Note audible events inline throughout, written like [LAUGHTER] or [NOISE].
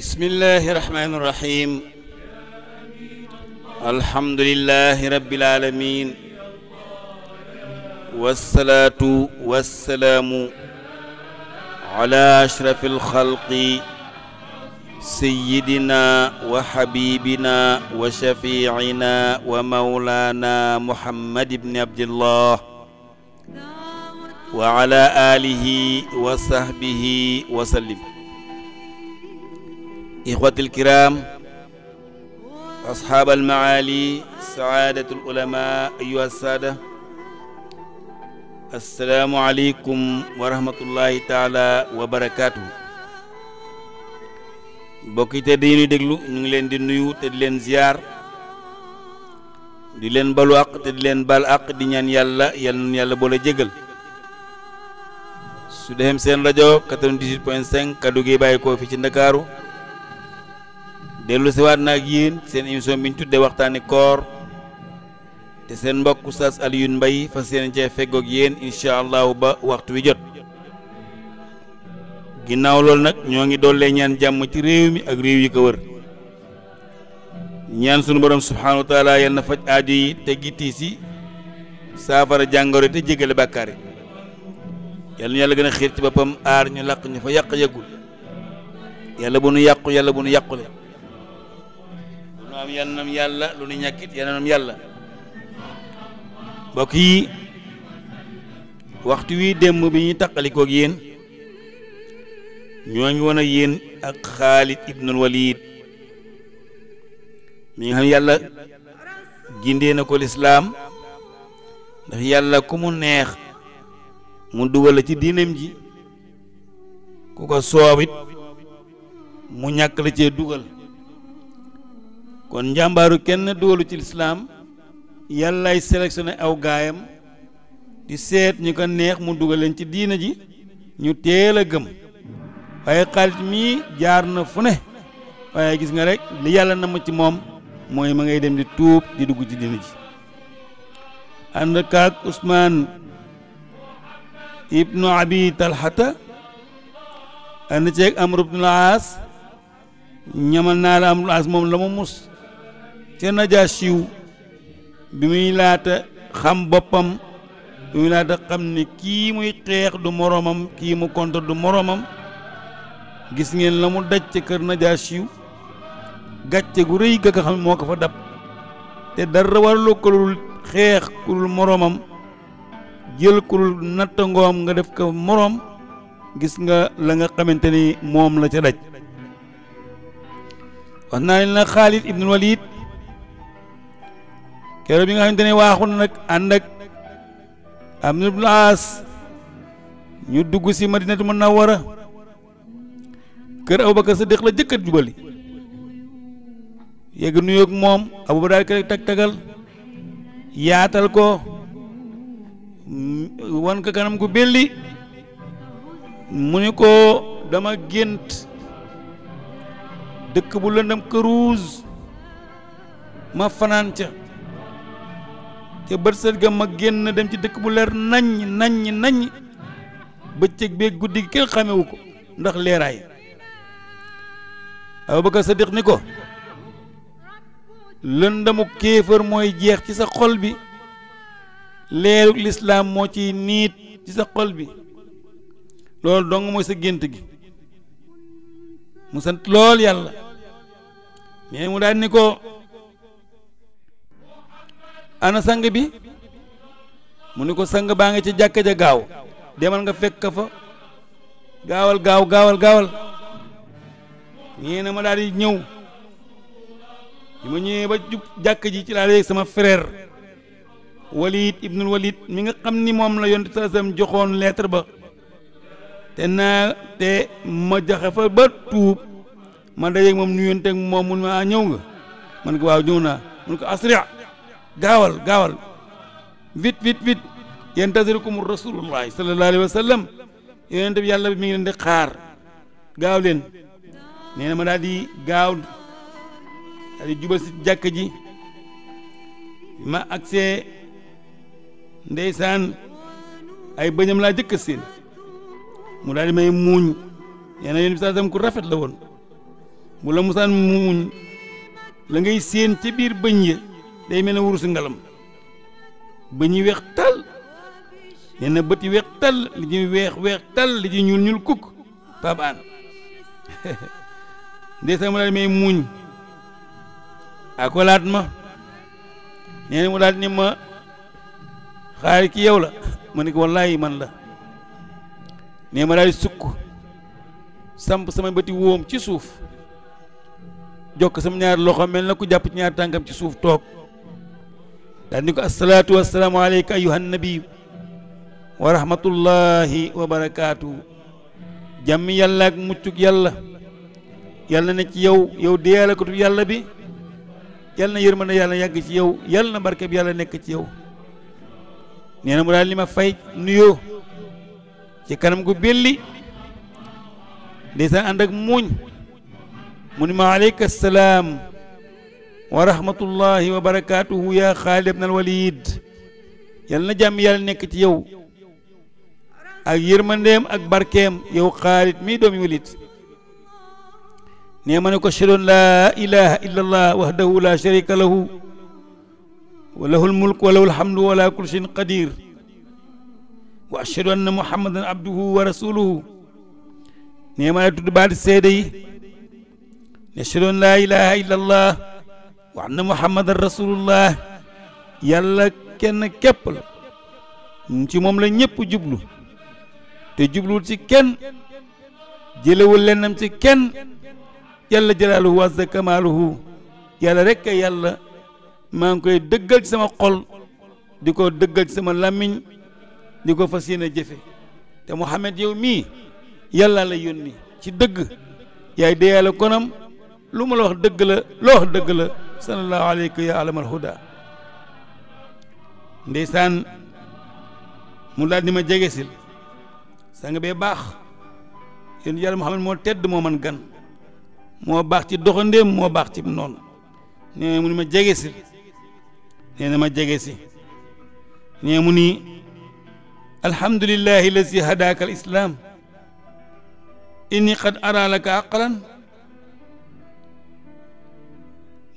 بسم الله الرحمن الرحيم الحمد لله رب العالمين والصلاة والسلام على أشرف الخلق سيدنا وحبيبنا وشفيعنا ومولانا محمد بن عبد الله وعلى آله وصحبه وسلم ixwati alkiram asxaab almaali saadatu alulama ayuha alsaada assalaamu aleykum wa rahmatullahi taala wa barakaatu mbokk yi te dañuy déglu ngi leen di nuyu te di leen ziyaar di leen balu àq te di leen bal àq di ñaan yàlla yal na yàlla boole jégal su defem seen rajo 98 point 5 kaddu gi bàyyi koo fi ci ndakaaru dellu siwaat na ak yéen seen émission bi ñu tuddee waxtaani koor te seen mbokk Oustaz Alioune Mbaye fas yéene cee feggoog yéen incha allahu ba waxtu wi jot ginnaaw loolu nag ñoo ngi dollee ñaan jàmm ci réew mi ak réew yi ko wër ñaan sunu borom subhaanahu wa na faj aajo yi te gitti ci saafara jàngoro te jégale bàkkaar yi yal na yàlla gën a xiir ci boppam aar ñu làq ñu fa yàq yëggul yàlla bu nu yàqu yàlla bu nu yàqule am yal nam yàlla lu nu ñàkkit yal yàlla mbokk yi waxtu wi démb bi ñuy taqalikoo ak yéen ñoo ngi woon yéen ak Xaalid ibnul Walid mi nga xam yàlla gindee na ko lislaam ndax yàlla ku mu neex mu dugal la ci diinam ji ku ko soobit mu ñàkk la cee dugal kon njàmbaaru kenn dugalu ci lislaam yàllaay sélectionné aw gaayam di seet ñu ko neex mu dugal leen ci diina ji ñu teel a gëm waaye xaalit mii jaar na fu ne waaye gis nga rek li yàlla na ma ci moom mooy ma ngay dem di tuub di dugg ci diina ji ànd kaag Usmaan ibnu abi talxata ànd ceeg Amru ibnul Aas ñamal naa la Amrul Aas moom la mu mus ca najaasiw bi muy laata xam boppam bi muy laata xam ni kii muy xeex du moroomam kii mu contre du moroomam gis ngeen la mu daj ca kër najaasiw gàcce gu rëy ga nga xam moo ko fa dab te dara warlu ko lul xeex ku lul moroomam jël ku lul nattangoom nga def ko moroom gis nga la nga xamante ni moom la ca daj wax naa leen na Xaalid ibnul Walid keroog bi nga xamante ne waaxu na nag ànd ak Amr ibn Aas ñu dugg si Madinatu Munawwara kër Abubakar Siddiq la jëkkat jubali yegg nuyoog moom Abubakar daal koy tag tagal yaatal ko wan ko kanam gu belli mu ni ko dama gént dëkk bu lëndam këruus ma fanaan ca ca bët set ga ma génn dem ci dëkk bu leer nañ naññ nañ bëccëg bee guddi gi kenn xamewu ko ndax leeraay Abubakar Sadiq ni ko lëndamu kéefër mooy jeex ci sa xol bi leeruk lislaam moo ci niit ci sa xol bi loolu dong mooy sa gént gi mu sant lool yàlla mais mu daal ni ko ana sang bi mu ne ko sang baa ngi ci jàkka ja gaaw demal nga fekk fa gaawal gaaw gaawal gaawal ñee na ma daal di ñëw bi ma ñëwee ba jub jàkk ji ci laa yéeg sama frère walid ibnul walid mi nga xam ni moom la yonte saasam joxoon lettre ba te naa te ma joxe fa ba tuub ma dajeeg moom nuyonteeg moom mun ma ah, ñëw nga man ko waaw ñëw naa mun ko asria gaawal gaawal vite vite vite yantazirkum rasulullahi sallallahu alayhi wa sallam yonent bi yàlla bi mi ngi leen di xaar gaaw leen nee na ma daal di gaaw daal di jubal si jàkk ji ma agsee ndeysaan ay bëñam laa jëkk seen mu daal di may muuñ nee na yonent bi sallam ku rafet la woon bu la musaan muuñ la ngay séen ci biir bëñ yi day mel ne wurusu ngalam ba ñuy weex tal nee na bët weex tal li ñuy weex weex tal li ci ñuul ñuul kukk Pape Hann [LAUGHS] ndeysaan mu daal may muuñ akolaat ma nee na mu daal ni ma ki yow la ma ne ko wallaahi man la nee ma daal sukk samp sama bëti wóom ci suuf jokk sama ñaari loxo mel na ku jàpp ci ñaar tànkam ci suuf toog daal ni ko asalaatu wasalaamu aleyka ayuha nabiyu wa rahmatullahi wa barakaatu jàmm yàlla ak muccug yàlla yàlla na ci yow yow diyaalakatu yàlla bi yàlla na yërmande yàlla yàgg ci yow yàlla na barke bi yàlla nekk ci yow nee na mu daal li ma fay nuyoo ci kanam gu belli ndeysaan ànd ak muuñ mu ni ma aleyka salaam wa rahmatullahi wa barakaatuhu yaa Xaalid ibn al Walid yal na jàmm yàlla nekk ci yow ak yërmandeem ak barkeem yow Xaalid mii doomi Walid nee ma ne ko ashhadu an laa ilaha illa allah wahdahu la sharika lahu wa lahul mulk wa lahul hamdu wa ala kulli shay'in qadir wa ashhadu anna muhammadan abduhu wa rasuluhu nee ma ne tudd baati seede yi ne ashhadu an laa ilaha illa allah wa na muhammadan rasulullah yàlla kenn képp la ci moom la ñëpp jublu te jubluwul ci kenn jëlewul lennam ci kenn jalla jalaaluhu wa azza kamaaluhu yàlla rekk yàlla maa ngi koy dëggal ci sama xol di ko dëggal ci sama làmmiñ di ko fas yéene jëfe te Muhammad yow mii yàlla la yónni ci dëgg yaay deyaale konam lu ma la wax dëgg la loo wax dëgg la sallallahu alayka ya alamal huda ndeysaan mu daal di ma jege sil sang bee baax yéen yàlla Muhammad moo tedd moo man gan moo baax ci doxandéem moo baax ci noon nee mu ni ma jege nee na ma jege si nee mu ni alhamdulillahi lazi hadaaka al inni qad ara laka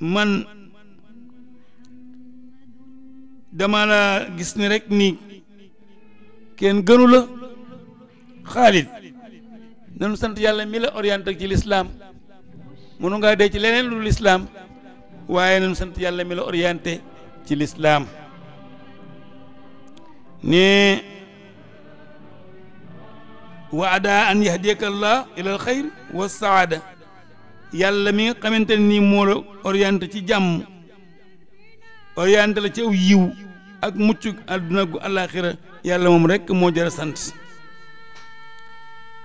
man dama la gis ni rek ni kenn gënu la Xaalid nanu sant yàlla mi la orienté ci lislaam mënu dee ci leneen lu lislaam waaye nanu sant yàlla mi la orienté ci lislaam ne waada an yahdiyaka allah ila al wa saada yàlla mi nga xamante ne nii moo la orienté ci jàmm orienté la ci aw yiw ak mucc àdduna gu àllaaxira yàlla moom rekk moo jara sant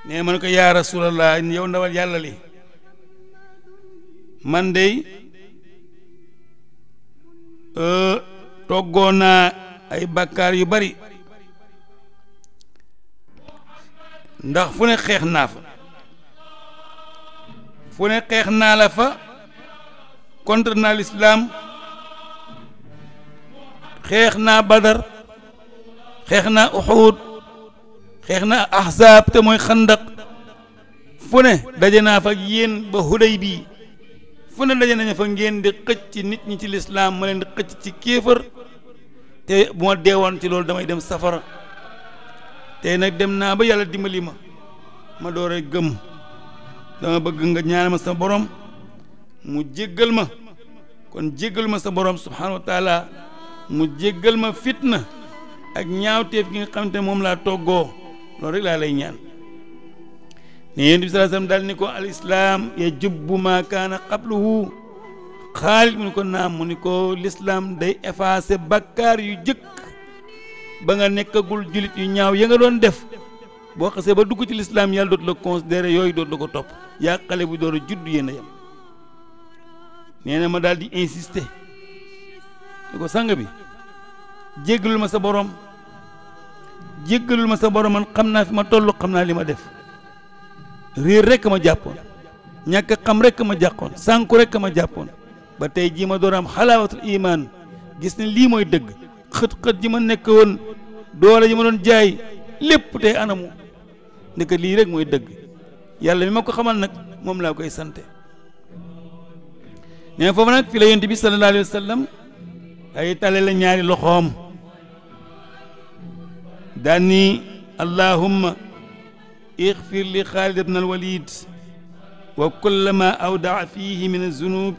nee ma ne ko yaa rasulallah yow ndawal yàlla li man dey e, toggoo naa ay bàkkaar yu bari ndax fu ne xeex naa fa fu ne xeex naa la fa contre naa lislaam xeex naa badar xeex naa uxuud xeex naa ahzaab te mooy xandaq fu ne daje naa fa yéen ba huday bii fu ne daje nañu fa ngeen di xëcc nit ñi ci lislaam ma leen di xëcc ci kéefër te bu ma deewoon ci loolu damay dem safara te nag dem naa ba yàlla dimbali ma ma door a gëm dama bëgg nga ñaanal ma sa borom mu jéggal ma kon jéggal ma sa borom subhanahu wa mu jéggal ma fitna ak ñaawteef gi nga xamante moom laa toggoo loolu rek laa lay ñaan ne yéen bi sallallahu alayhi wasallam ni ko al islaam ya jubbu ma kaana ko naam mu ni ko bakkaar yu jëkk ba nga nekkagul jullit yu ñaaw ya nga doon def boo xasee ba dugg ci lislaam yàlla dootu la considéré yooyu dootu la ko topp yàqale bu door a judd yéen a yem ma daal di insister ko sang bi jéggalul ma sa borom jéggalul ma sa borom man xam naa fi ma toll xam naa li ma def réer rek ma jàppoon ñàkk xam rek ma jàppoon sànku rek ma jàppoon ba tey jii ma door am xalaawatul imaan gis ne lii mooy dëgg xët-xët ji ma nekk woon doole ji ma doon jaay lépp tey anamu ndeke lii rek mooy dëgg yàlla mi ma ko xamal nag moom laa koy sante nee foofu nag fi la yonent bi ay tale ñaari loxoom daan ni allahumma ixfir li xaalid ibn alwalid wa kullama awdaa fihi min azunub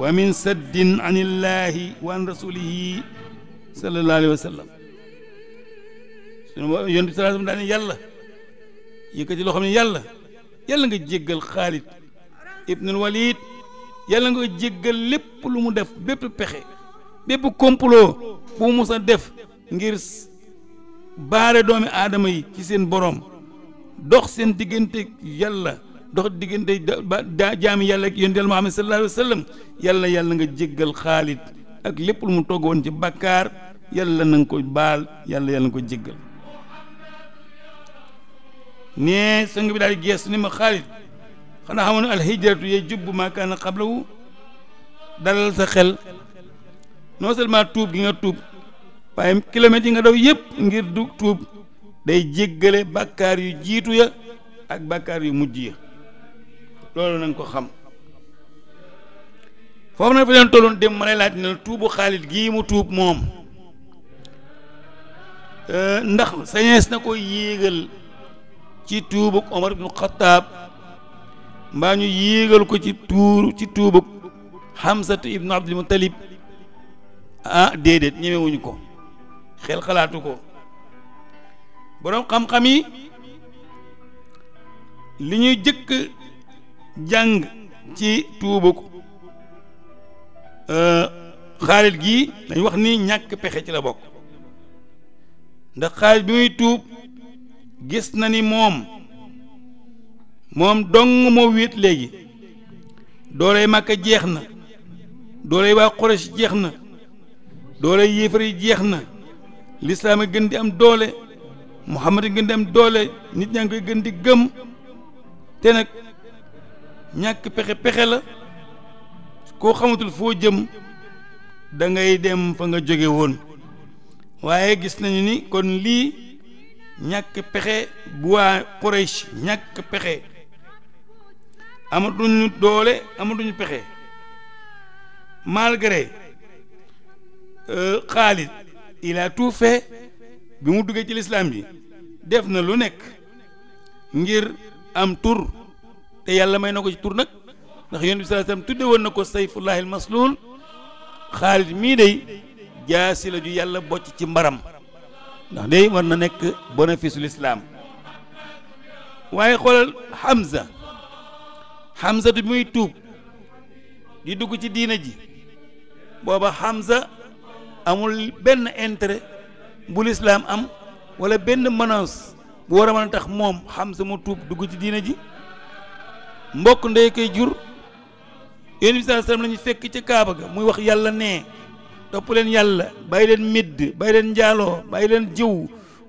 wa min saddin an illahi wa an rasulihi sallallahu alayhi wa sallam suñu mo yon bi yàlla yëkkati loo xam ne yàlla yàlla nga jéggal Xaalid ibnul Walid yàlla nga jéggal lépp lu mu def bépp pexe bépp complot bu mu musa def ngir baare doomi aadama yi ci seen boroom dox seen diggante yàlla dox diggante da jaami yàlla ak yonent yàlla Muhammad sallallahu alayhi wasallam yàlla yàlla nga jéggal xaalit ak lépp lu mu togg ci bàkkaar yàlla na nga ko baal yàlla yàlla nga ko jéggal nee sang bi daal di gees ni ma xaalit xanaa xamoon alhijratu yee jubbu maa kaana xablahu dalal sa xel non tuub gi nga tuub waaye kilomètres yi nga daw yépp ngir du tuub day jéggale bàkkaar yu jiitu ya ak bàkkaar yu mujj ya loolu nañ ko xam foofu nag fi leen tolloon dem ma lay laaj ne tuubu xaalit gii mu tuub moom euh, ndax sañees na ko yéegal ci tuubug Omar ibnu Xataab mbaa ñu yéegal ko ci tuur ci tuubug Hamsatu ibnu Abdul Mutalib ah déedéet ñemewuñu ko xel xalaatu ko boroom xam-xam yi li ñuy jëkk jàng ci tuubug euh, Xaalid gi dañ wax ni ñàkk pexe ci la bokk ndax Xaalid bi muy tuub gis na ni moom moom dong moo wéet léegi dooley Màkka jeex na dooley waa Quraysh jeex na dooley yéefar yi jeex na lislaam a gën di am doole Muhammad a gën di am doole nit ñaa ngi koy gën di gëm te nag ñàkk pexe pexe la koo xamatul foo jëm da ngay dem fa nga jóge woon waaye gis nañu ni kon lii ñàkk pexe bu waa Quraysh ñàkk pexe amatuñu doole amatuñu pexe malgré Xaalid euh, il a tout fait bi mu duggee ci lislaam bi def na lu nekk ngir am tur te yàlla may na ko ci tur nag ndax yonent bi sallallahu alayhi wasallam tudde woon na ko sayfullahi al maslul mii day jaasi la ju yàlla bocc ci mbaram ndax day war na nekk bénéfice lislaam waaye xoolal Hamza Hamza du muy tuub di dugg ci diina ji booba Hamza amul benn intere bu lislaam am wala benn menace bu war a mën a tax moom Hamza mu tuub dugg ci diina ji mbokk ndey koy jur yéen bi sallam la ñu fekk ca Kaaba ga muy wax yàlla nee topp leen yàlla bàyyi leen midd bàyyi leen njaaloo bàyyi leen jiw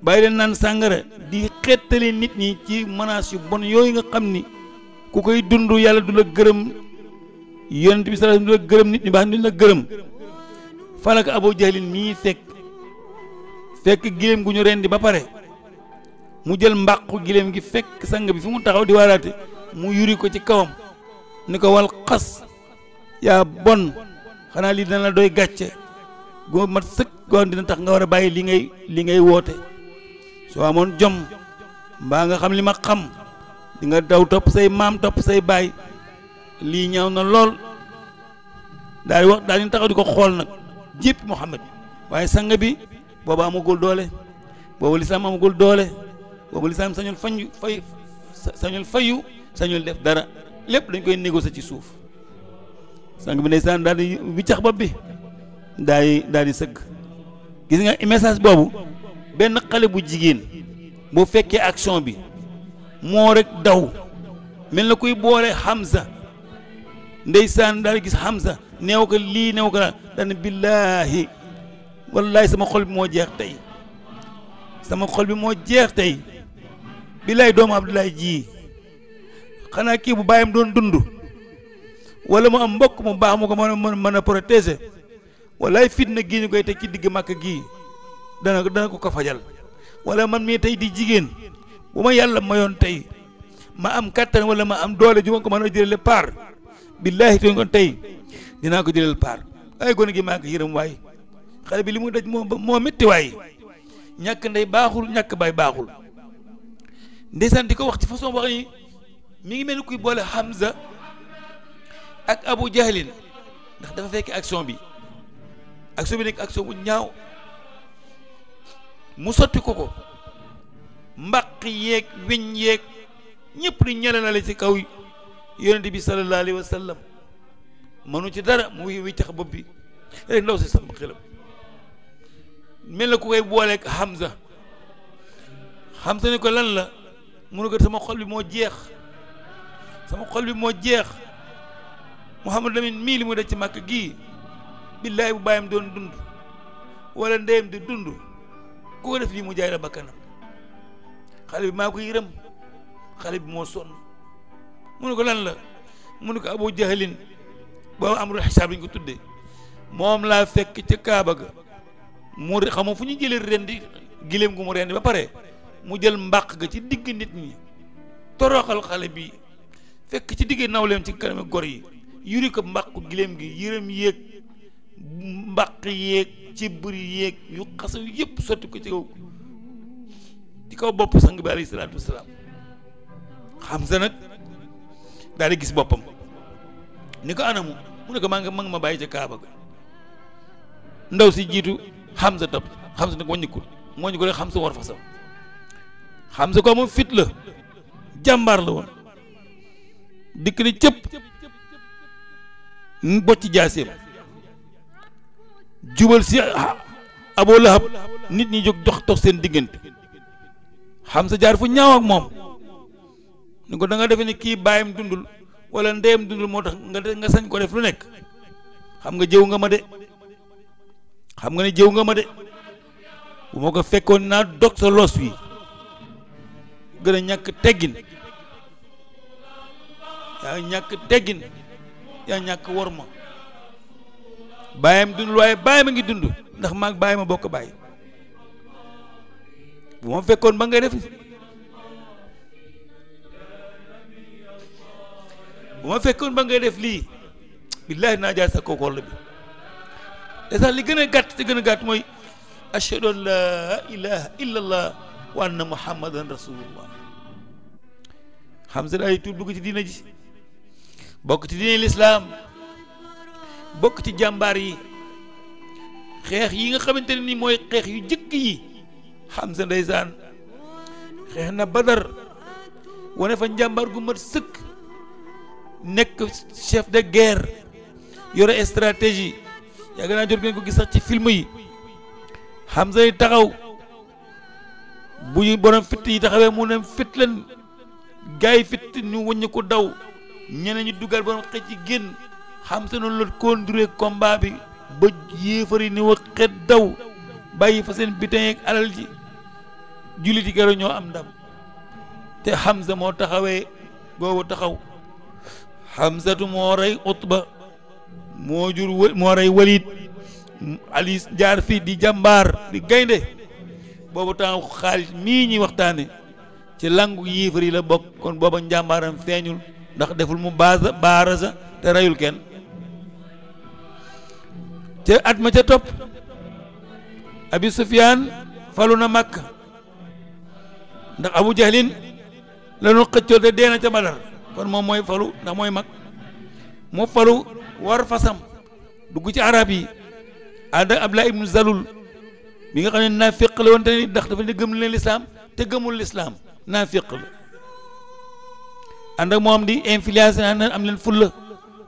bàyyi leen naan sàngara di xettali nit ñi ci menaces yu bon yooyu nga xam ni ku koy dund yàlla du la gërëm yonent bi sallallahu alayhi wasallam du la gërëm nit ñi baax duñ la gërëm falak Abu Jahlin mii fekk fekk giléem gu ñu rendi ba pare mu jël mbàqu giléem gi fekk sàng bi fi mu taxaw di waaraate mu yuri ko ci kawam ni ko wal xas yaa bon xanaa lii dana la doy gàcce goo mat sëkk goo dina tax nga war a bàyyi li ngay li ngay woote soo amoon jom mbaa nga xam li ma xam di nga daw topp say maam topp say baay lii ñaw na lool daal wax daal di taxaw di ko xool nag jépp Muhammad waaye sang bi booba amagul doole boobu lislaam amagul doole boobu lislaam sañul fañu fay sañul fayu sañul def dara lépp dañ koy négocier ci suuf sang bi ndeysaan daal di wiccax bopp bi daal di daal di sëgg gis nga message boobu benn xale bu jigéen bu fekkee action bi moo rek daw mel na kuy boole Hamza ndeysaan daal di gis Hamza neew ko lii neew ko daal daan billaahi wallaahi sama xol bi moo jeex tey sama xol bi moo jeex tey billaahi doomu Abdoulaye ji xanaa kii bu bàyyam doon dund wala mu am mbokk mu baax mu ko mën a mën a protéger walaay fitna gi ñu koy teg ci digg màkk gi dana dana ko ko fajal wala man mii tey di jigéen bu ma yàlla mayoon tey ma am kattan wala ma am doole ju ma ko mën a jëlale paar billaahi tooñ kon tey dinaa ko jëlal paar ay gone gi maa yërëm waay xale bi li mu daj moo moo waaye waay ñàkk ndey baaxul ñàkk baay baaxul ndeysaan di ko wax ci façon wax yi mi ngi mel ni kuy boole Hamza ak Abu Jahlin ndax dafa fekk action bi action bi nekk action bu ñaaw mu sotti ko ko mbaq yeeg weñ yeeg ñëpp di ñelenale ci kaw yonent bi sallallahu alayhi wa sallam mënu ci dara mu wiccax bopp bi rek ndaw si sam xelam mel na ku koy booleeg Hamza Hamza ni ko lan la mu ne ko sama xol bi moo jeex sama xol bi moo jeex Mouhamadou Lamine mii li mu def ci màkk gii billaahi bu baayam doon dund walla ndeyam di dund koo def lii mu jaay la bakkanam xale bi maa ko yërëm xale bi moo sonn mu ko lan la mu ne ko abu jahalin boo amul xisaab lañ ko tuddee moom laa fekk ca kaaba ga mu xam nga fu ñu jëlee rendi gileem gu mu rendi ba pare mu jël mbaq ga ci digg nit ñi toroxal xale bi fekk ci digg nawleem ci kanam gor yi yuri ko mbàqu gileem gi yërëm yéeg mbaq yéeg ci buri yéeg yu xasaw yëpp sotti ko ci kaw ci kaw bopp sang bi alayhi salaatu wasalaam xam sa nag daal di gis boppam ni ko anamu mu ne ko maa ngi ma ma bàyyi ca kaaba ga ndaw si jiitu xam sa topp xam sa nag wàññikul mooñu ko rek xam sa war fa sam ko moom fit la jàmbaar la woon dikk ni cëpp bocc jaaseem jubal si Abu Lahab nit ñi jóg dox dox seen diggante Hamza jaar fu ñaaw ak moom ni ko da nga ni kii baayam dundul wala ndeyam dundul moo tax nga nga sañ ko def lu nekk xam nga jëw nga ma de xam nga ne jëw nga ma de bu ma ko fekkoon naa dog sa los wi gën a ñàkk teggin yaa ñàkk teggin yaa ñàkk ma baayam dund waaye baayam a ngi dund ndax maag baayam a bokk baay bu ma fekkoon ba ngay def fekkoon ba nga def lii billaahi naa jaar sa kookoor la bi te sax li gën a gàtt te gën a gàtt mooy ashhadu an laa ilaha illa allah wa anna muhammadan rasulullah xam sa daay tuub dugg ci diina ji bokk ci diina lislaam bokk ci jàmbaar yi xeex yi nga xamante ne ni mooy xeex yu jëkk yi xam Hamza ndeysaan xeex na Badar wane fa njàmbaar gu mat sëkk nekk chef de guerre yore stratégie yàgg naa jot ngeen ko gis sax ci film yi xam yi taxaw bu borom fitt yi taxawee mu ne fitt leen gars yi fitt ñu wëññi ko daw ñeneen ñu dugal borom xëcc ci génn xam sa noonu la conduire combat bi ba yéefari ni wa daw bàyyi fa seen bitin ak alal ji jullit yi gërëm ñoo am ndam te xam sa moo taxawee googu taxaw Hamzatu moo rey Utba moo jur moo rey Walid Ali jaar fii di jàmbaar di gaynde boobu temps xaalis mii ñuy waxtaane ci langu yéefar yi la bokk kon booba njàmbaaram feeñul ndax deful mu baasa baarasa te reyul kenn ca at ma ca topp abi falu na màkk ndax abu jahlin lanu xëccoo te dee ca badar kon moom mooy falu ndax mooy mag moo falu war fasam dugg ci arab yi ànd ak abdullah ibnu zalul bi nga xam ne naafiq la woon te ndax dafa ne gëm leen lislaam te gëmul lislaam naafiq la ànd ak moom di influence am leen fulla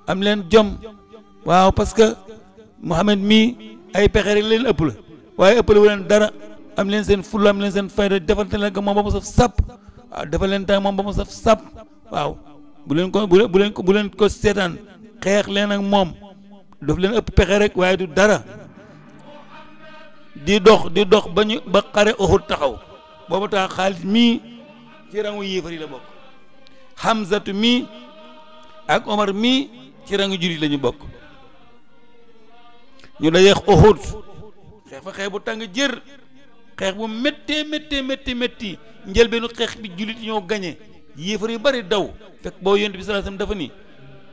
am leen jom waaw parce Mouhamed mii ay pexe rek leen ëpp la waaye ëpp la wu leen dara am leen seen fulla am leen seen fayda defante leen ko moom ba mu saf sap waaw ah, defal leen tàng moom ba mu saf sàpp waaw bu leen ko bu leen ko bu leen ko seetaan xeex leen ak moom daf leen ëpp pexe rek waaye du dara di dox di dox ba ñu ba xare Uhud taxaw boobu tax Xaalid mii ci rangu yéefar yi la bokk Hamzatu mii ak Omar mii ci rangu jur yi la bokk ñu la yeex Uhud xeex fa xeex bu tàng jër xeex bu méttee méttee méttee métti njëlbeenu xeex bi jullit ñoo gañe yéefar yu bari daw fekk boo yonent bi sallallahu dafa ni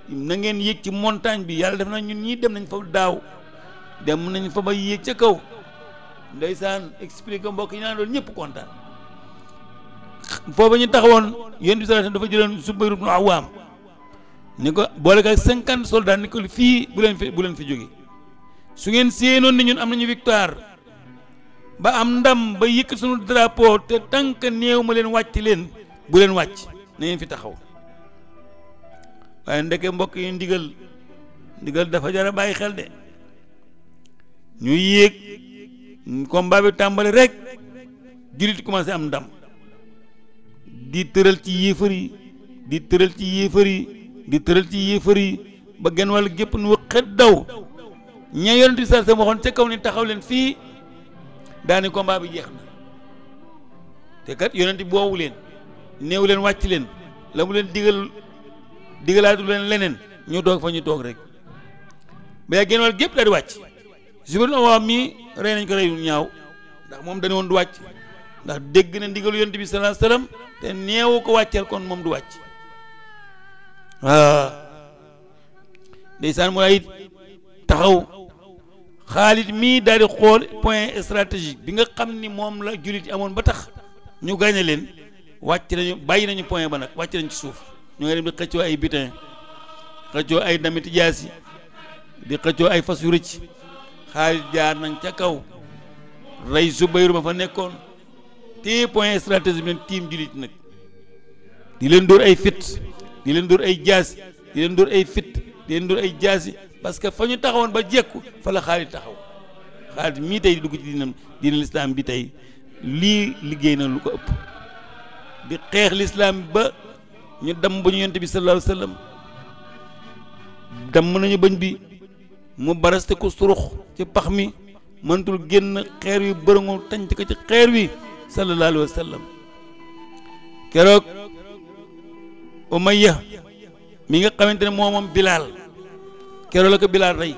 na ngeen yéeg ci montagne bi yàlla def na ñun ñii dem nañ fa daaw dem nañu fa ba yéeg ca kaw ndeysaan expliqué mbokk yi naa loolu ñëpp kontaan foofu ñu taxawoon yonent bi sallallahu alayhi wasallam dafa jëloon Zubayr ibn Awam ñu ko boole ko cinquante soldats ni ko fii bu leen fi bu leen fi jóge su ngeen séenoon ni ñun am nañu victoire ba am ndam ba yëkkat sunu drapeau te tànk néew ma leen wàcc leen bu leen wàcc na ngeen fi taxaw waaye ndeke mbokk yi ndigal ndigal dafa jara bàyyi xel de ñuy yéeg combat bi tàmbali rek jullit commencé am ndam di tëral ci yéefar yi di tëral ci yéefar yi di tëral ci yéefar yi ba genn wàll gépp nu xet daw ña yonent bi sallallahu alayhi wasallam waxoon ca kaw ni taxaw leen fii daani combat bi jeex na te kat yonent bi woowu leen néew leen wàcc leen la mu leen digal digalaatu leen leneen ñu doog fa ñu doog rek ba yaa génn wàll gépp daal di wàcc Zubayr ibn Awwaam mii rey nañ ko reyu ñaaw ndax moom dañu woon du wàcc ndax dégg na ndigalu yonent bi sallallahu alayhi wasallam te néewu ko wàcceel kon moom du wàcc waaw ndeysaan mu lay taxaw xaalit mii daal di xool point stratégique bi nga xam ni moom la jullit yi amoon ba tax ñu gàñe leen wàcc nañu bàyyi nañu point ba nag wàcc nañu ci suuf ñu nga dem di xëccoo ay butin xëccoo ay damit jaasi di xëccoo ay fas yu rëcc xaalit jaar nañ ca kaw rey Zubayru ma fa nekkoon te point stratégique bi leen tiim jullit nag di leen dóor ay fit di leen dóor ay jaasi di leen dóor ay fit di leen dóor ay jaasi parce que fa ñu taxawoon ba jekku fa la Xaalid taxaw Xaalid mii tey dugg ci diinam diina lislaam bi tey lii liggéey na lu ko ëpp di xeex lislaam ba ñu damm ba ñu yonte bi sallallahu alayhi damm nañu bañ bi mu baraste ko surux ci pax mi mëntul génn xeer wi bërëngu tànc ko ci xeer wi sallallahu alayhi wa sallam keroog Umayya mi nga xamante ne moo Bilaal keroog la ko Bilaal rey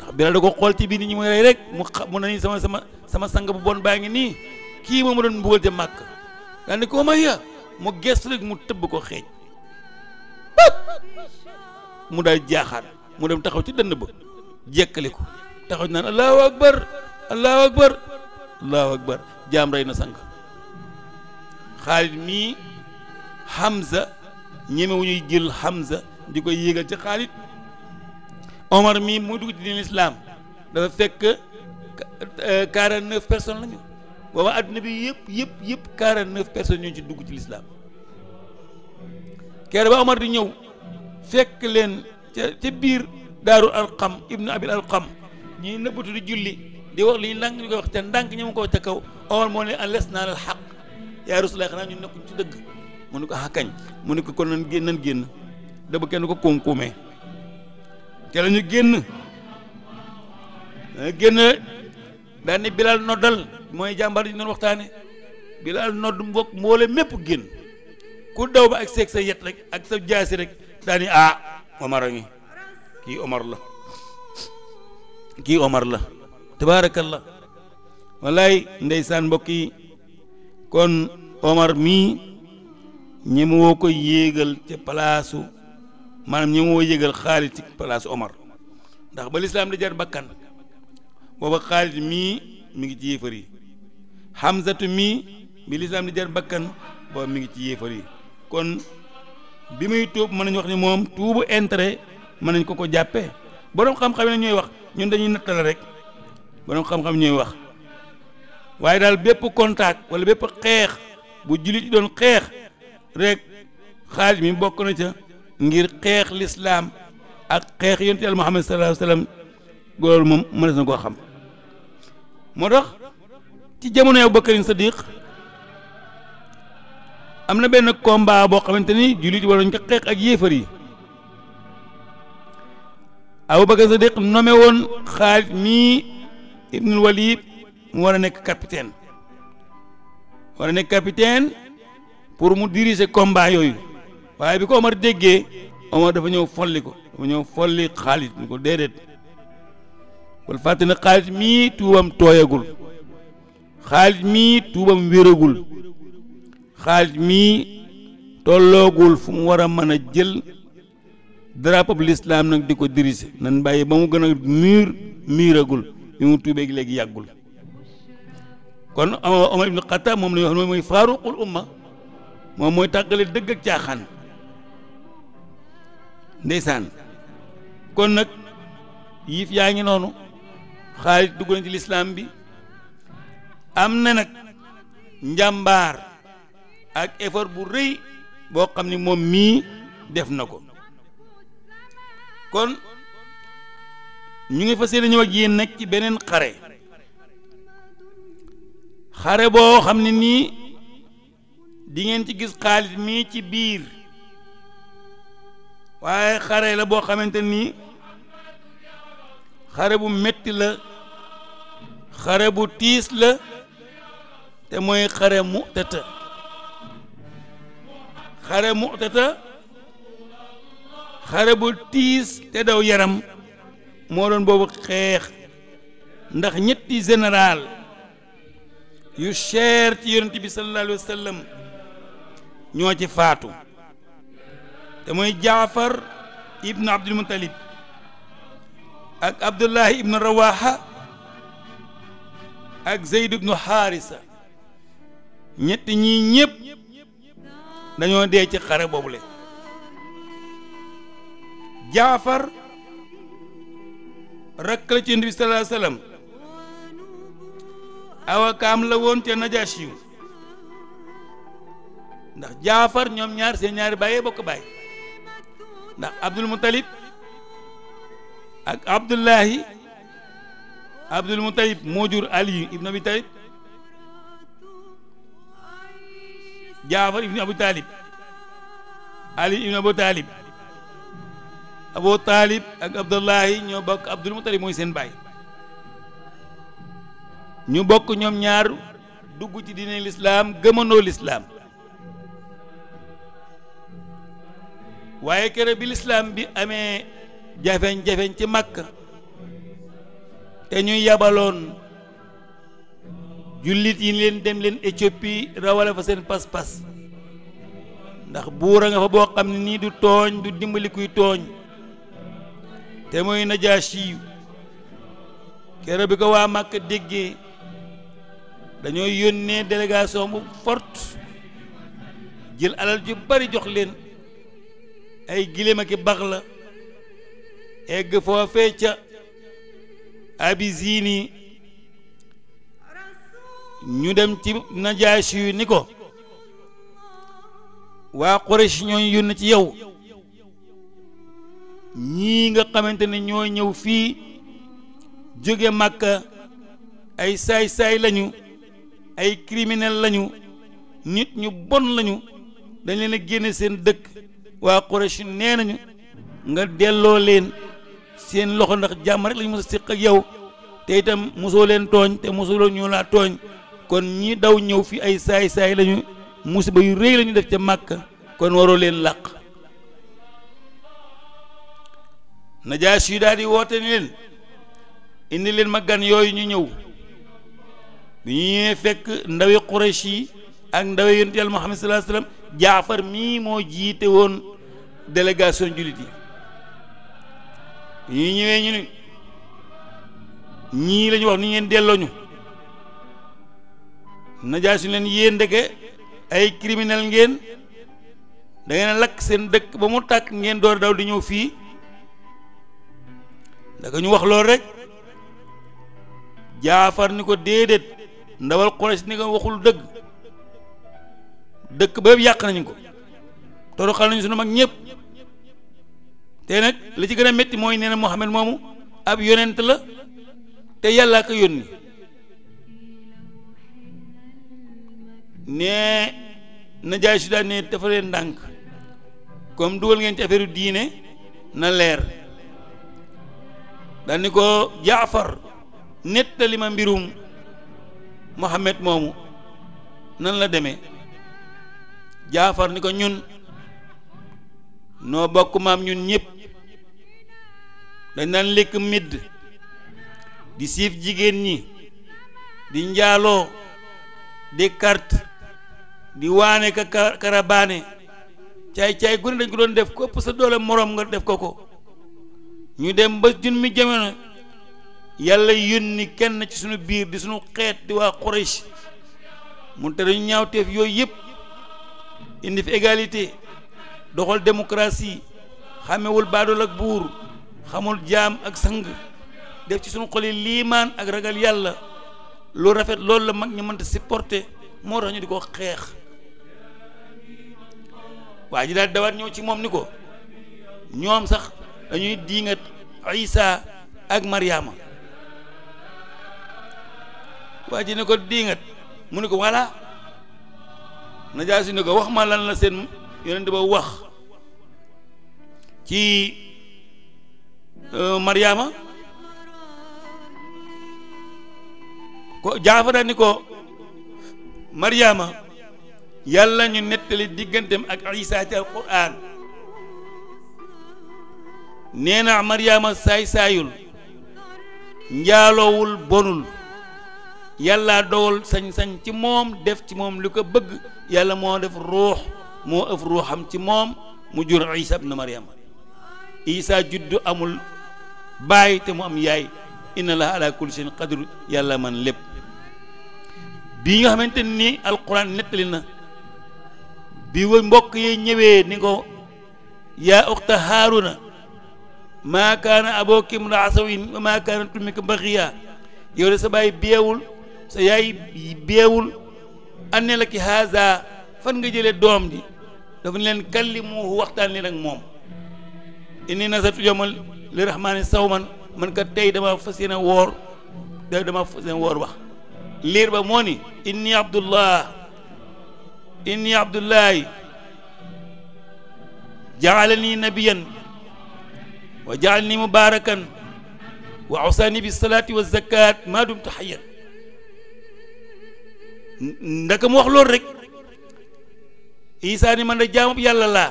ndax Bilaal da ko xool ci biir nit ñi mooy rey rek mu xa mu ne nii sama sama sang bu bon baa ngi nii kii moom ma doon mbugal te màkk daal ne ko oh, ma ya mu gestu rek mu tëbb ko xeej mu daal jaaxaan mu dem taxaw ci dënd ba jekkali ko taxaw ci naan allahu akbar allahu akbar allahu jaam rey na sang Xaalid mii Hamza ñeme wu ñuy jël Hamza di koy yéegal ci Xaalid Omar mii mu dugg ci diin lislaam dafa fekk quarante neuf personnes lañu booba adduna bi yëpp yëpp yëpp quarante neuf personnes ci dugg ci lislaam keroog ba Omar di ñëw fekk leen ca ca biir daaru alxam ibnu abil alxam ñuy nëbbatu di julli di wax li ñu ndànk ñu koy wax te ndànk ña ma ko wax ca kaw Omar moo ne an naa al xaq yaa rasulaay xanaa ñu nekkuñ ci dëgg mu ne ko xakañ ah, mu ne ko kon nan génn nan génn da kenn ko konkuumee ca la ñu génn dañu génn daal ni bilal noddal mooy jàmbar yi doon waxtaane bilal nodd mbokk mboole mépp génn ku daw ba ak seeg sa yet rek ak sa jaasi rek daal ni ah omar a ngi kii omar la kii omar la tabaarakallah wallaay ndeysaan mbokk yi kon omar mii ñi ko yéegal ca palaasu maanaam ñi moo yégal Xaalid ci place Omar ndax ba lislaam di jar bakkan booba Xaalid mii mi ngi ci yéefar yi Hamzatu mii bi lislaam di jar bakkan booba mi ngi ci yéefar yi kon bi muy tuub mën nañu wax ni moom tuubu intérêt mën nañ ko ko jàppee boroom xam-xam yi ñooy wax ñun dañuy nattale rek boroom xam-xam ñooy wax waaye daal bépp contact walla bépp xeex bu jullit yi doon xeex rek Xaalid mi bokk na ca ngir xeex lislaam ak xeex yonent yàlla Muhammad sallallahu alayhi wasallam loolu moom mënees na koo xam moo tax ci jamono Abu Bakarin Sadiq am na benn combat boo xamante ni jullit yi war ko xeex ak yéefar yi Abu Bakar Sadiq nommé woon Xaalid mii ibnul Walid mu war a nekk capitaine war a nekk capitaine pour mu diriger combat yooyu waaye bi ko Omar déggee Omar dafa ñëw folli ko dafa ñëw folli Xaalid ko déedéet bul fàtte mii tuubam tooyagul Xaalid mii tuubam wéragul Xaalid mii tolloogul fu mu war a mën a jël drapeau bu lislaam nag di ko diriger nan bàyyi ba mu gën a miir miiragul bi mu tuubeeg léegi yàggul kon Omar ibn Xattaab moom la ñu wax mooy faaruqul umma moom mooy tàggale dëgg ak caaxaan ndeysaan kon nag yiif yaa ngi noonu xaalis dugg na ci lislaam bi am na nag njàmbaar ak effort bu rëy boo xam ni moom mii def na ko kon ñu ngi fa yéene ñëw ak nag ci beneen xare xare boo xam ne nii di ngeen ci gis Xaalid mii ci biir waaye xare la boo xamante nii xare bu metti la xare bu tiis la te mooy xare mu'tata xare bu tiis te daw yaram moo doon boobu xeex ndax ñetti général yu cher ci yonent bi sallallahu ñoo ci faatu te mooy jaafar ibnu abdul muttalib ak abdullahi ibnu rawaha ak zeyd ibnu xaarisa ñett ñii ñëpp dañoo dee ci xare boobule jaafar rakk la ci yonent bi awakaam la woon ca najashi ndax jaafar ñoom ñaar seen ñaari bàyyee bokk bàyyi ndax abdul muttalib ak abdullahi abdul muttalib moo jur ali ibnu abi talib jaafar ibnu abu talib ali ibnu abu talib abu talib ak abdullahi ñoo bokk abdul muttalib mooy seen baay ñu bokk ñoom ñaar dugg ci diine lislaam gëmanoo lislaam waaye kere bi lislaam bi amee jafeñ-jafeñ ci màkk te ñuy yabaloon jullit yi leen dem leen Éthiopie rawale fa seen pas-pas ndax buura nga fa boo xam ne nii du tooñ du dimbali kuy tooñ te mooy Najaashi yu kere bi ko waa màkk déggee dañoo yónnee délégation bu fort jël alal ju bari jox leen ay giléem ak bax la egg foofee ca abisini ñu dem ci najaasi ni ko waa Quraysh ñooñu yónni ci yow ñii nga xamante ne ñoo ñëw fii jóge Màkka ay saay-saay lañu ay criminel lañu nit ñu bon lañu dañ leen a génne seen dëkk waa Quraysh nee nañu nga delloo leen seen loxo ndax jàmm rek la ñu mos ak yow te itam mosoo leen tooñ te mosuloo ñu laa tooñ kon ñi daw ñëw fi ay saay-saay lañu musiba yu rëy lañu def ca Màkka kon waroo leen làq najaas yu daal woote ni leen indi leen ma gan yooyu ñu ñëw bi ñu ñëwee fekk ndawi Quraysh yi ak ndawi yonent Yàlla Muhammad sallallahu alayhi wasallam Jaafar mii moo jiite woon délégation jullit yi ñu ñëwee ñu ni ñii la ñu wax ni ngeen delloo ñu najaay suñu leen yéen ndeke ay criminel ngeen da lakk seen dëkk ba mu tàkk ngeen door daw di ñëw fii ndaka ñu wax loolu rek jaafar ni ko déedéet ndawal Quraysh ni ko waxul dëgg dëkk ba yàq nañu ko toroxal nañu sunu mag ñëpp te nag li ci gën a métti mooy nee na Muhammad moomu ab yonent la te yàllaa ko yónni nee na jaay su daan ne ndànk comme dugal ngeen ci affaire diine na leer daan ni ko jaafar nettali ma mbirum Muhammad moomu nan la demee jaafar ni ko ñun noo bokk maam ñun ñëpp dañ daan lekk midd di siif jigéen ñi di njaaloo di carte di waane ka karabaane caay-caay gu ne ko doon def ko ëpp sa doole moroom nga def ko ko ñu dem ba jun mi jamono yàlla yun ni kenn ci suñu biir di suñu xeet di waa Quraysh mu te dañu ñaawteef yooyu yëpp indi fi égalité doxal démocratie xamewul baadool ak buur xamul jaam ak sang def ci suñu xoli liimaan ak ragal yàlla lu rafet loolu la mag ñi mënta supporter moo tax ñu di ko xeex waa ji daal dawaat ñëw ci moom ni ko ñoom sax dañuy diingat Isa ak Mariama waa ji ne ko diingat mu ne ko voilà Najaasi ne ko wax ma lan la seen yonent ba wax ci euh, maryaama ko jaafara ni ko maryaama yàlla ñu nettali diggantem ak isa ci alquran nee na maryaama saay-saayul njaaloowul bonul yàlla dogal sañ-sañ ci moom def ci moom lu ko bëgg yàlla moo def ruux moo ëf ruuxam ci moom mu jur isa ibn maryama isa juddu amul baay te mu am yaay inna laa ala kulli shay'in yàlla man lépp bi nga xamante ni alquran nettali na bi wa mbokk yee ñëwee ni ko yaa uxta haaruna maa kaana abooki imraa sawin wa maa kaanat ummuki baxiya yow de sa baay beewul sa yaay beewul anne la ki haazaa fan nga jëlee doom ji dafa ne leen kallimuhu waxtaan leen ak moom inni nasartu yomal li rahmaani sawman man kat tey dama fas yéene woor da dama fas yéene woor wax liir ba moo ni inni abdullah inni abdullahi jaalani nabiyan wa jaalani mubarakan wa awsani bi salaati wa zakat ma dumtu hayyan ndaka mu wax loolu rek isaa ni man da jaamub yàlla laa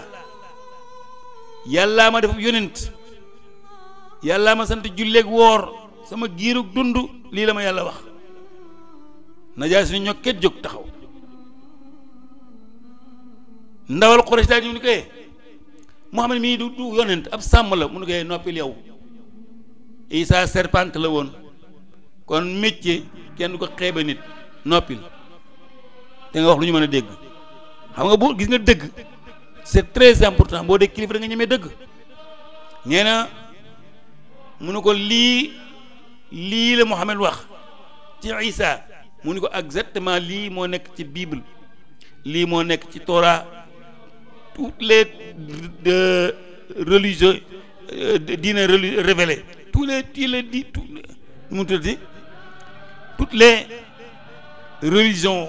yàllaa ma def yonent yàllaa ma sant julleeg woor sama giirug dund lii la ma yàlla wax najaas ni ñokket jóg taxaw ndawal Quraysh daal mu ni koy eh, Muhammad mii du du yonent ab sàmm la mu ni koy eh, noppil yow Isa serpent la woon kon métier kenn du ko xeeba nit noppil te nga wax lu ñu mën a dégg xam nga bu gis nga dëgg c'est très important boo dee kilifa da nga ñemee dëgg nee na mu ne ko lii lii la Muhammad wax ci Isa mu ni ko exactement lii moo nekk ci Bible lii moo nekk ci Torah toutes les religieux euh, dina religieux révélé tous les tous di tout mu tuddati toutes les religions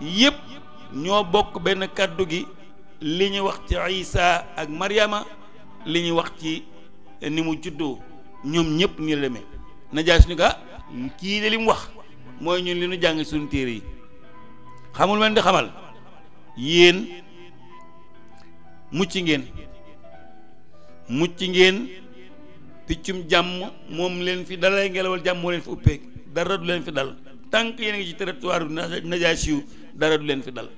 yépp ñoo bokk benn kàddu gi li ñu wax ci Isa ak Maryama li ñu wax ci ni mu juddoo ñoom ñëpp ni la demee suñu ñu ka kii de li wax mooy ñun li ñu jàng suñu téere yi xamul men di xamal yéen mucc ngeen mucc ngeen piccum jàmm moom leen fi dalay ngelawal jàmm moo leen fi uppee dara du leen fi dal tant que yéen ngi ci territoire najaasi yu dara du leen fi dal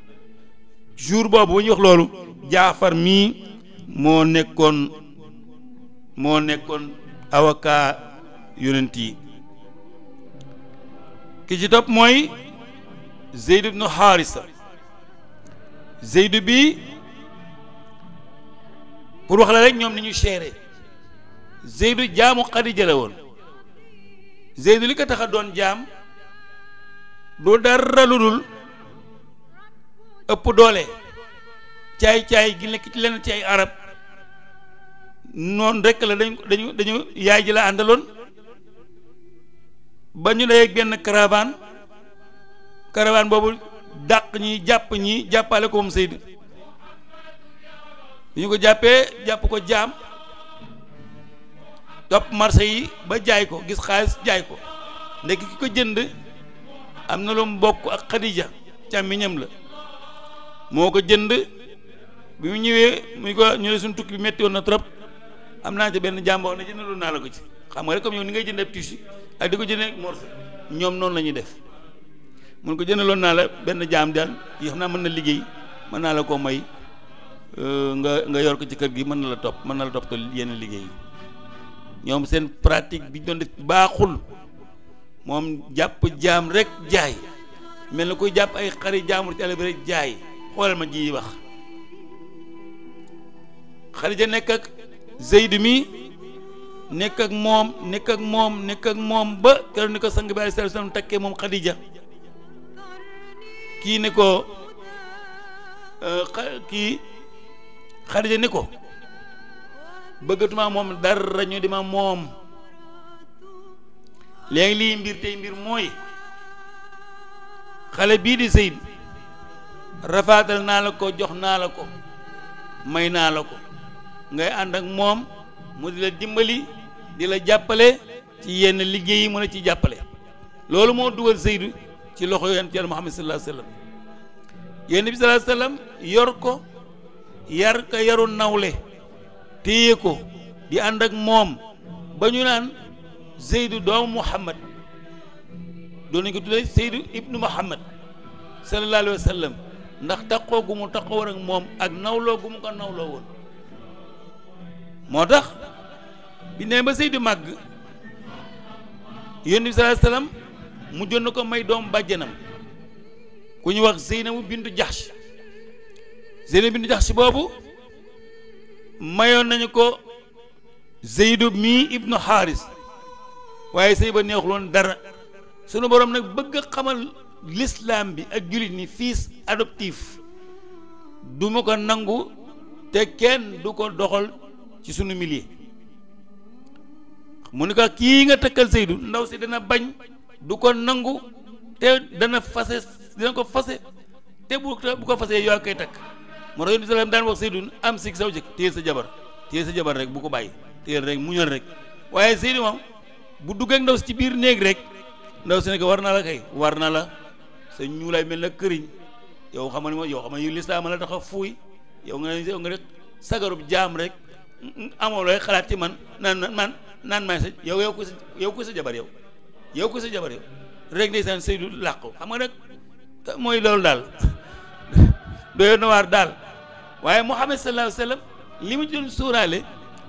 jour boobu bu ñuy wax loolu jaafar mii moo nekkoon moo nekkoon avocat yonent ki ci topp mooy zeyd ibnu xaarisa zeyd bi pour wax la rek ñoom ni ñu seere zeyd jaamu xadija la woon zeyd li ko tax doon jaam du dara lu dul ëpp doole caay caay gi nekk ci lenn ci ay arab noonu rek la dañ dañu dañu yaay ji la àndaloon ba ñu dayeg genn caravane caravane boobu dàq ñi jàpp ñi jàppale ko moom Seyd bi ñu ko jàppee jàpp ko jaam topp marché yi ba jaay ko gis xaalis jaay ko ndekk ki ko jënd am na lu mbokk bokk ak Xadija càmmiñam la moo ko jënd bi mu ñëwee mu ko ñu ne suñu tukki bi metti woon na trop am naa ci benn jàmboo ne jënd loolu naa la ko ci xam nga rek comme ni ngay jënd ab ak di ko jëndee morso ñoom noonu la ñuy def mun ko jënd naa la benn jaam daal yi naa mën na liggéey mën naa la koo may euh, nga nga yor ko ci kër gi mën na la topp mën na la topp yenn liggéey ñoom seen pratique bi ñu doon def baaxul moom jàpp jaam rekk jaay mel na koy jàpp ay xari jaamur ci àll bi jaay xoolal ma ji wax Xadija nekk ak Zeyd mi nekk ak moom nekk ak moom nekk ak moom ba keroog sang bi alayhi salaam takkee moom Xadija kii ne ko euh, kii Xadija ne ko bëggatuma moom dara ñu di ma moom léegi lii mbir tey mbir mooy xale bii di Seydi rafaatal naa la ko jox naa la ko may naa la ko ngay ànd ak moom mu di la dimbali di la jàppale ci yenn liggéey yi mën a ci jàppale loolu moo dugal Seydi ci loxo yonent Yàlla Muhammad sallallahu alayhi wa bi sallallahu alayhi yor ko yar ka yaru nawle téye ko di ànd ak moom ba ñu naan Zeydu doomu Muhammad doon nañu ko tuddee Zeydu ibnu Muhammad sallallahu alayhi ndax taxoo gu mu taxoo war moom ak nawloo gu mu ko nawloo woon moo tax bi ne ba Zeydu màgg yonent bi sallallahu alayhi wa mu jënd ko may doom bàjjanam ku ñu wax Zeynabu bintu Jaxsh Zeynabu bintu Jaxsh boobu mayoon nañu ko Zeydu mii ibnu Xaaris waaye sëy ba neexuloon dara sunu borom nag bëgg xamal lislaam bi ak jullit ni fils adoptif duma ko nangu te kenn du ko doxal ci sunu milieu mu ne ko kii nga takkal Seydou ndaw si dana bañ du ko nangu te dana fase dina ko fase te bu bu ko fasee yoo koy takk moo tax yonent daan wax Seydou am si saw jëkk téyel sa jabar téyel sa jabar rek bu ko bàyyi téyel rek muñal rek waaye Seydou bu duggeek ndaw si ci biir néeg rek ndaw si ne war na la kay war na la sa ñuulaay mel na këriñ yow xam nga ne moom yow xam nga yu lislaam la tax a fuuy yow nga yow sagarub jaam rek amoo looy xalaat ci man naan man naan maay yow yow ko sa yow ko sa jabar yow yow ko sa jabar yow làqu xam nga rek mooy loolu daal [LAUGHS] doyoon na waar daal waaye Muhammad sallallahu alayhi wa li mu doon suuraale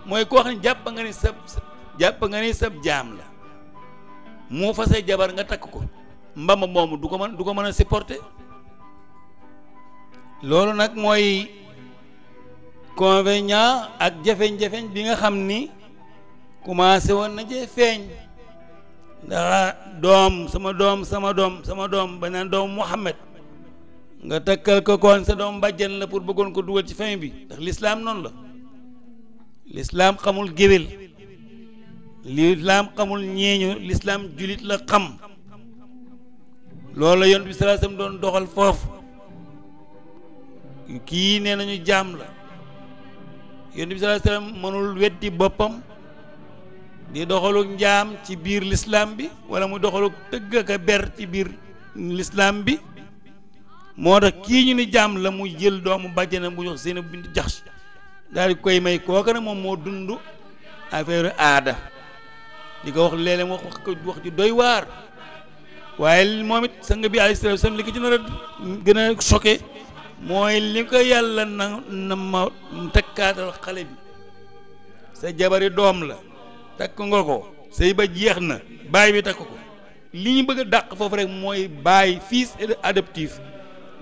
mooy koo xam ne jàpp nga ne sa jàpp nga ne sab jaam la moo fase jabar nga takk ko mbamba moomu du ko mën du ko mën a supporter loolu nag mooy convénient ak jafeñ-jafeñ bi nga xam ni commencé woon na jee feeñ ndax doom sama doom sama doom sama doom ba naan doom Muhammad nga takkal ko koon sa doom bàjjan la pour bëggoon ko dugal ci famille bi ndax lislaam noonu la lislaam xamul géwél lislaam xamul ñeeñu lislaam julit la xam loolu la bi sallallahu alayhi doon doxal foofu kii nee nañu jaam la yonent bi sallallahu alayhi mënul weddi boppam di doxaluk njaam ci biir lislaam bi wala mu doxaluk tëgg ak a ber ci biir lislaam bi moo tax kii ñu ni jaam la mu jël doomu bàjjanam bu jox Zeynab bint Jahsh daal di koy may kooka ne moom moo dund affaire aada li ko wax léeg-léeg mu wax ko wax ju doy waar waaye moom it sang bi alayhi salaatu salaam li ko ci nar gën a choqué mooy li ko yàlla na na ma takkaatal xale bi sa jabari doom la takk nga ko sëy ba jeex na baay bi takk ko li ñu bëgg a dàq foofu rek mooy baay fils adoptif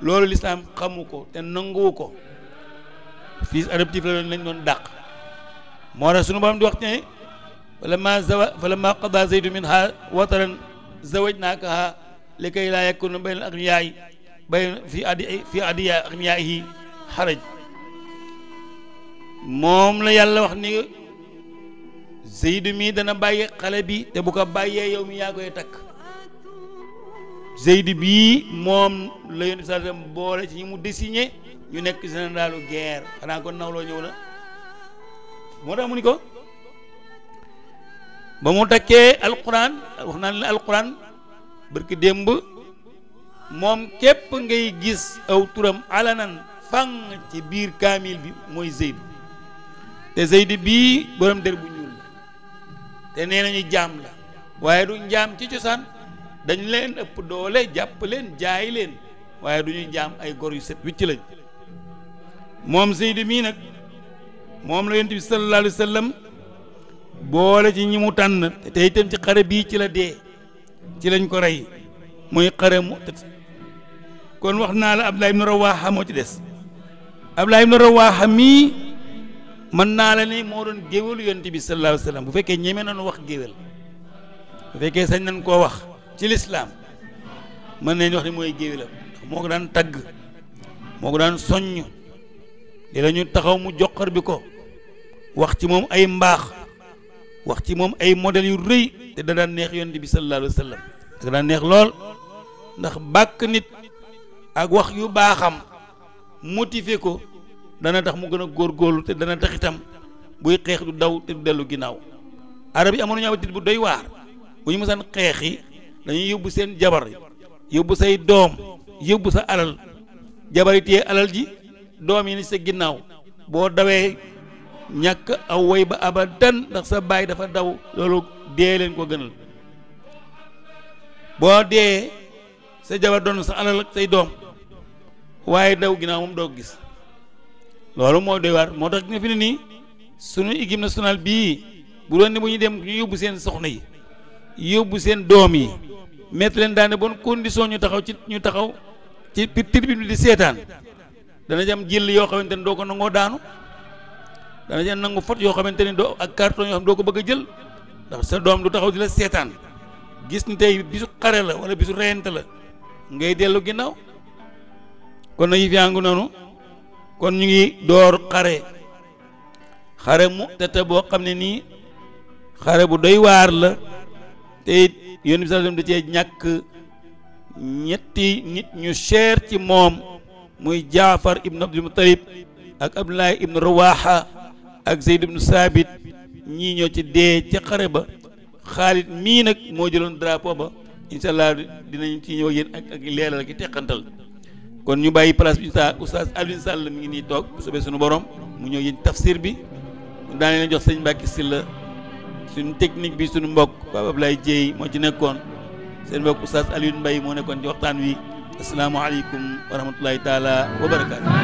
loolu lislaam xamu ko te nanguwu ko fiis adoptif la lañ doon dàq moo tax sunu borom di wax ne falamma zawa falamma qada zaydu minha wataran zawajnakaha likay laa yakuna bayna agniyaayi bayna fi adi fi adi agniyaayi xaraj moom la yàlla wax ni zeydu mii dana bàyyi xale bi te bu ko bàyyee yow mi yaa koy takk zeydu bi moom la yónni saa dem boole ci ñi mu désigné ñu nekk généralu guerre xanaa kon nawloo ñëw la moo tax mu ni ko ba mu takkee alxuraan wax naa la alquran barki démb moom képp ngay gis aw turam alanan fang ci biir kaamil bi mooy zeyd te zeyd bii borom der bu ñuul te nee nañu jaam la waaye du jaam ci cosaan dañ leen ëpp doole jàpp leen jaay leen waaye du ñu jaam ay gor yu set wicc lañ moom zeyd mii nag moom la yonent bi sallallahu boole ci ñi mu tànn te itam ci xare bii ci la dee ci lañ ko rey muy xare mu kon wax naa la Abdullah ibn Rawaha moo ci des ab laay Abdullah ibn Rawaha mii mën naa la ne moo doon géwélu yonent bi sallallahu bu fekkee ñeme nañu wax géwél bu fekkee nañ koo wax ci lislaam mën nañ wax ne mooy géwélam ndax moo ko daan tagg moo ko daan soññ di la taxaw mu joxar bi ko wax ci moom ay mbaax wax ci moom ay modèle yu rëy te da daan neex yonent bi sallallahu alayhi wa sallam da daan neex lool ndax bàkk nit ak wax yu baaxam motiver ko dana tax mu gën a góorlu te dana tax itam buy xeex du daw te du dellu ginnaaw arab yi amoon nañu habitude bu doy waar bu ñu mësaan xeex yi dañuy yóbbu seen jabar yóbbu say doom yóbbu sa alal jabar yi téye alal ji doom yi ni sa ginnaaw boo dawee ñàkk aw woy ba abadan ndax sa baay dafa daw loolu dee leen ko gënal boo dee sa jabar donn sa alal ak say doom waaye daw ginnaaw moom doo gis loolu moo doy waar moo tax ñu fi nii sunu équipe nationale bii bu doon ne bu ñu dem ñu yóbbu seen soxna yi yóbbu seen doom yi mettre leen daane bonne condition ñu taxaw ci ñu taxaw ci tribune bi di seetaan dana jam jël yoo xamante doo ko nangoo daanu dana leen nangu fot yoo xamante ne doo ak carton yoo xam doo ko bëgg a jël ndax sa doom du taxaw di la seetaan gis ni tey bisu xare la wala bisu reyante la ngay dellu ginnaaw kon na yif yaa ngi noonu kon ñu ngi door xare xare mu tete boo xam ne nii xare bu doy waar la te it yónni bi sallallahu alayhi wasallam cee ñàkk ñetti nit ñu cher ci moom muy jaafar ibn abdullahi ibn rawaha ak Zeyd ibnu Saabit ñii ñoo ci dee ca xare ba Xaalid mii nag moo jëloon drapeau ba incha allah dinañ ci ñëw yéen ak ak leeral ak teqantal kon ñu bàyyi place bi sa oustaz Alioune Sall mi ngi nii toog bu soobee suñu borom mu ñëw yéen tafsir bi daane leen jox sëñ Mbàkke Sylla suñu technique bi suñu mbokk Pape Ablaye Dieye moo ci nekkoon seen mbokk oustaz Alioune Mbaye moo nekkoon ci waxtaan wi asalaamaaleykum aleykum rahmatullahi taala wa barakaatu